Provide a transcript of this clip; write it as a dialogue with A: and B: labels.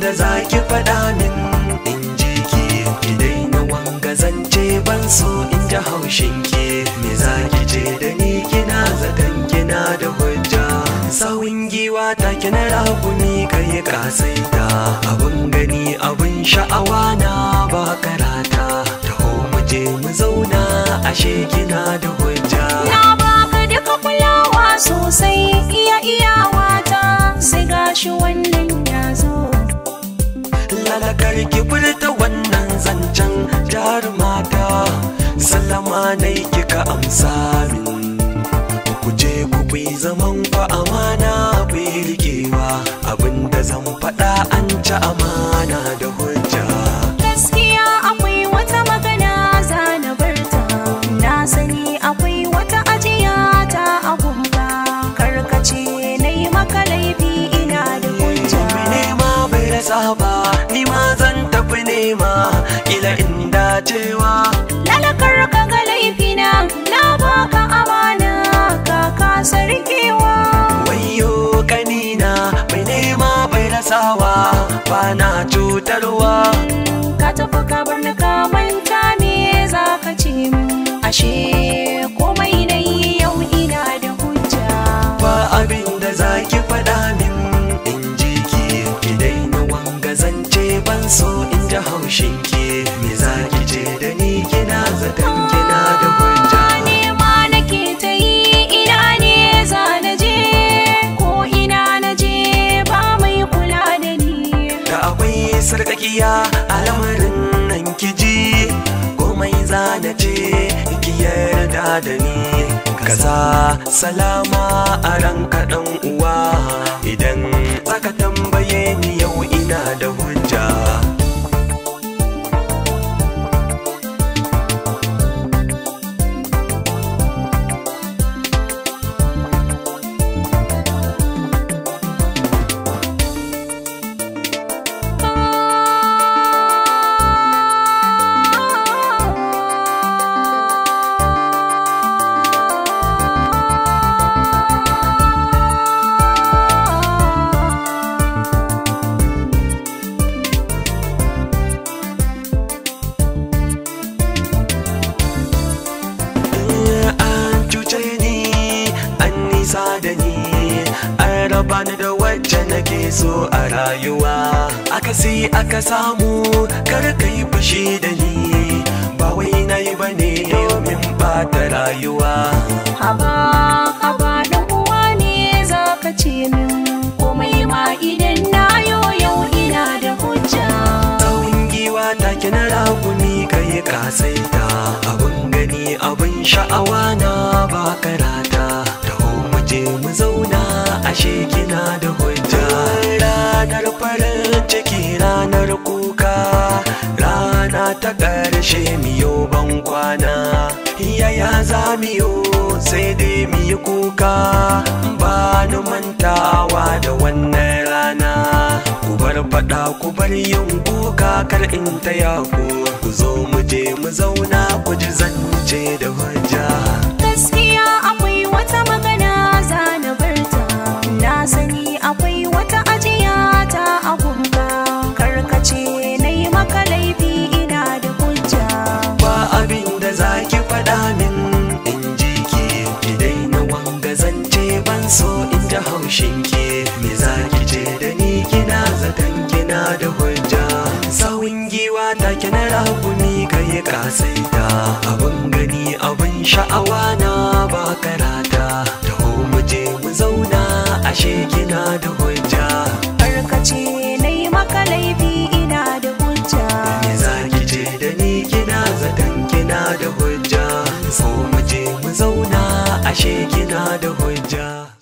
A: za zaki faɗa min in
B: ji ki ki daina wanga zance ban so in ji haushin ki me zaki ce da ni kina zaton kina da hujja sawun giwa ta kina raguni kai kasaita abun gani abun sha'awa na ba karata taho mu je mu zauna ashe kina da hujja na
A: ba ka duka kulawa sosai iya iyawa ta sai gashi wannan ya zo
B: ki furta wannan zancen jarumata salama na kika amsa min ku je ku bi zaman fa amana ku rikewa abinda zan faɗa an ci amana da hujja
A: gaskiya akwai wata magana zana barta na sani akwai wata ajiya ta agunga karkace na maka laifi ina da hujja ne ma bai rasa ba ni ma ma kila
B: in dacewa lalakar ka ga laifina na baka
A: amana ka kaka sarkewa
B: wayo kanina bai nema bai rasawa ba na cutarwa
A: ka tafi ka sarkakiya al'amarin nan
B: kiji komai zana ce ki yarda da ni kaza salama a ranka dan uwa idan bani da wacce nake so a rayuwa Aka akasi aka samu kar ka yi fushi da ni ba wai na yi ba ne domin ta rayuwa
A: haba haba da kuwa ne za ka ce min komai ma idan na yau ina da hujja tsawon giwa
B: ta kina raguni ka yi kasaita abin gani abun sha'awa na ba karata ashe kina da hujja ranar farin ciki ranar kuka rana ta ƙarshe miyo ban kwana yaya za miyo sai dai miyi kuka ba ni mantawa da wannan rana ku bar faɗa ku bar yin kuka kar in taya ku ku zo mu je mu zauna ku ji zance da hujja rahumi ka yi kasaita abin gani abin sha'awa na ba karata taho mu je mu zauna ashe kina da hujja
A: karkace na yi maka laifi ina da hujja me za ki ce da ni kina zaton kina da hujja so mu je mu zauna ashe kina da hujja